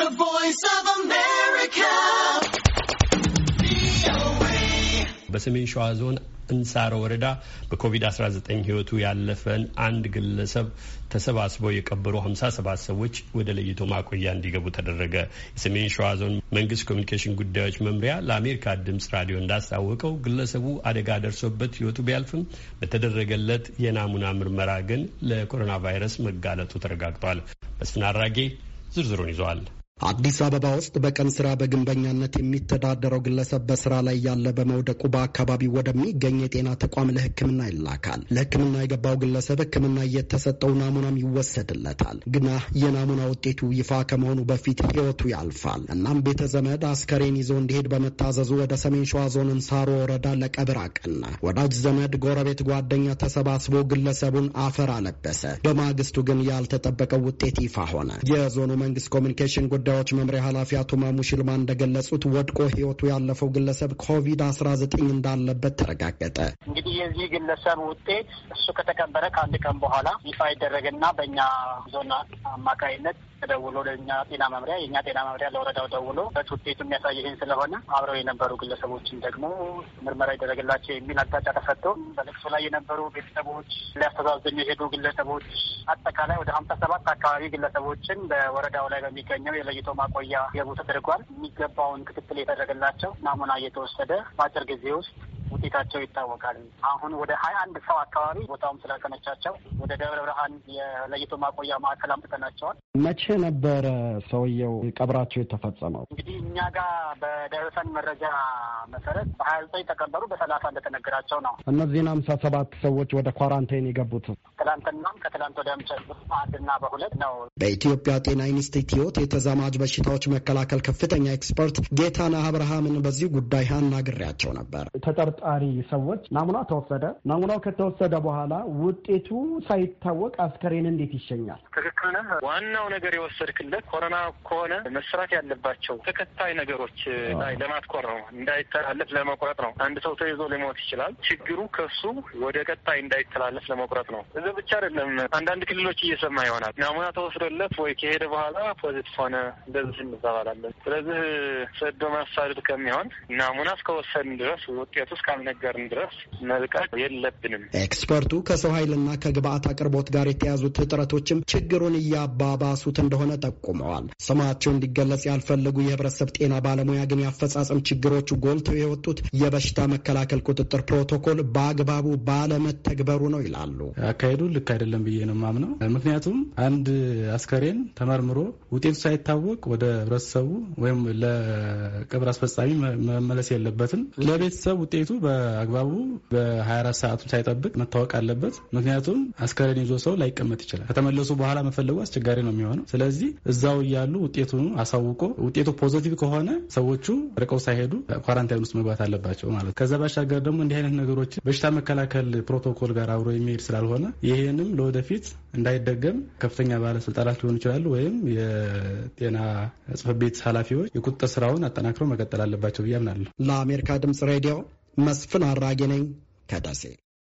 The Voice of America. በሰሜን ሸዋ ዞን እንሳሮ ወረዳ በኮቪድ-19 ህይወቱ ያለፈን አንድ ግለሰብ ተሰባስበው የቀበሩ 57 ሰዎች ወደ ለይቶ ማቆያ እንዲገቡ ተደረገ። የሰሜን ሸዋ ዞን መንግስት ኮሚኒኬሽን ጉዳዮች መምሪያ ለአሜሪካ ድምፅ ራዲዮ እንዳስታወቀው ግለሰቡ አደጋ ደርሶበት ህይወቱ ቢያልፍም በተደረገለት የናሙና ምርመራ ግን ለኮሮና ቫይረስ መጋለጡ ተረጋግጧል። መስፍን አራጌ ዝርዝሩን ይዘዋል። አዲስ አበባ ውስጥ በቀን ስራ በግንበኛነት የሚተዳደረው ግለሰብ በስራ ላይ ያለ በመውደቁ በአካባቢው ወደሚገኝ የጤና ተቋም ለሕክምና ይላካል። ለሕክምና የገባው ግለሰብ ሕክምና እየተሰጠው ናሙናም ይወሰድለታል። ግና የናሙና ውጤቱ ይፋ ከመሆኑ በፊት ህይወቱ ያልፋል። እናም ቤተ ዘመድ አስከሬን ይዞ እንዲሄድ በመታዘዙ ወደ ሰሜን ሸዋ ዞን እንሳሮ ወረዳ ለቀብር አቀና። ወዳጅ ዘመድ፣ ጎረቤት፣ ጓደኛ ተሰባስቦ ግለሰቡን አፈር አለበሰ። በማግስቱ ግን ያልተጠበቀው ውጤት ይፋ ሆነ። የዞኑ መንግስት ኮሚኒኬሽን ጉዳይ ጉዳዮች መምሪያ ኃላፊ አቶ ማሙ ሽልማ እንደገለጹት ወድቆ ህይወቱ ያለፈው ግለሰብ ኮቪድ አስራ ዘጠኝ እንዳለበት ተረጋገጠ። እንግዲህ የዚህ ግለሰብ ውጤት እሱ ከተቀበረ ከአንድ ቀን በኋላ ይፋ ይደረግና በእኛ ዞን አማካይነት ተደውሎ ለእኛ ጤና መምሪያ የእኛ ጤና መምሪያ ለወረዳው ደውሎ በት ውጤቱ የሚያሳይ ይህን ስለሆነ አብረው የነበሩ ግለሰቦችን ደግሞ ምርመራ ይደረግላቸው የሚል አቅጣጫ ተሰጥቶ በለቅሶ ላይ የነበሩ ቤተሰቦች፣ ሊያስተዛዝኑ የሄዱ ግለሰቦች አጠቃላይ ወደ ሀምሳ ሰባት አካባቢ ግለሰቦችን በወረዳው ላይ በሚገኘው የለይቶ ማቆያ ገቡ ተደርጓል። የሚገባውን ክትትል የተደረገላቸው ናሙና እየተወሰደ በአጭር ጊዜ ውስጥ ውጤታቸው ይታወቃል። አሁን ወደ ሀያ አንድ ሰው አካባቢ ቦታውም ስላቀነቻቸው ወደ ደብረ ብርሃን የለይቶ ማቆያ ማዕከል አምጥተናቸዋል። መቼ ነበረ ሰውየው ቀብራቸው የተፈጸመው? እንግዲህ እኛ ጋር በደረሰን መረጃ መሰረት በሀያ ዘጠኝ ተቀበሩ በሰላሳ እንደተነገራቸው ነው። እነዚህን ሀምሳ ሰባት ሰዎች ወደ ኳራንታይን የገቡት ትላንትናም ከትላንት ወዲያም ጨምሮ አንድና በሁለት ነው። በኢትዮጵያ ጤና ኢንስቲትዩት የተዛማጅ በሽታዎች መከላከል ከፍተኛ ኤክስፐርት ጌታና አብርሃምን በዚህ ጉዳይ አናግሬያቸው ነበር። ተጠርጣሪ ሰዎች ናሙና ተወሰደ። ናሙናው ከተወሰደ በኋላ ውጤቱ ሳይታወቅ አስከሬን እንዴት ይሸኛል? ትክክል ነህ። ዋናው ነገር የወሰድክለት ኮሮና ከሆነ መስራት ያለባቸው ተከታይ ነገሮች ላይ ለማትኮር ነው፣ እንዳይተላለፍ ለመቁረጥ ነው። አንድ ሰው ተይዞ ሊሞት ይችላል። ችግሩ ከሱ ወደ ቀጣይ እንዳይተላለፍ ለመቁረጥ ነው። እየተባለ ብቻ አይደለም። አንዳንድ ክልሎች እየሰማ ይሆናል ናሙና ተወስዶለት ወይ ከሄደ በኋላ ፖዚቲቭ ሆነ እንደዚህ እንባባላለን። ስለዚህ ሰዶ ማሳደድ ከሚሆን ናሙና እስከወሰድን ድረስ ውጤቱ እስካልነገርን ድረስ መልቀቅ የለብንም። ኤክስፐርቱ ከሰው ኃይልና ከግብአት አቅርቦት ጋር የተያዙት እጥረቶችም ችግሩን እያባባሱት እንደሆነ ጠቁመዋል። ስማቸው እንዲገለጽ ያልፈለጉ የህብረተሰብ ጤና ባለሙያ ግን ያፈጻጸም ችግሮቹ ጎልተው የወጡት የበሽታ መከላከል ቁጥጥር ፕሮቶኮል በአግባቡ ባለመተግበሩ ነው ይላሉ። መውሰዱ ልክ አይደለም ብዬ ነው የማምነው። ምክንያቱም አንድ አስከሬን ተመርምሮ ውጤቱ ሳይታወቅ ወደ ህብረተሰቡ ወይም ለቀብር አስፈጻሚ መመለስ የለበትም። ለቤተሰብ ውጤቱ በአግባቡ በ24 ሰዓቱ ሳይጠብቅ መታወቅ አለበት። ምክንያቱም አስከሬን ይዞ ሰው ላይቀመጥ ይችላል። ከተመለሱ በኋላ መፈለጉ አስቸጋሪ ነው የሚሆነው። ስለዚህ እዛው እያሉ ውጤቱ አሳውቆ ውጤቱ ፖዘቲቭ ከሆነ ሰዎቹ ርቀው ሳይሄዱ ኳራንታይን ውስጥ መግባት አለባቸው ማለት ከዛ ባሻገር ደግሞ እንዲህ አይነት ነገሮች በሽታ መከላከል ፕሮቶኮል ጋር አብሮ የሚሄድ ስላልሆነ ይህንም ለወደፊት እንዳይደገም ከፍተኛ ባለስልጣናት ሊሆኑ ይችላሉ ወይም የጤና ጽሕፈት ቤት ኃላፊዎች የቁጥጥር ስራውን አጠናክረው መቀጠል አለባቸው ብዬ አምናለሁ። ለአሜሪካ ድምጽ ሬዲዮ መስፍን አራጌ ነኝ ከደሴ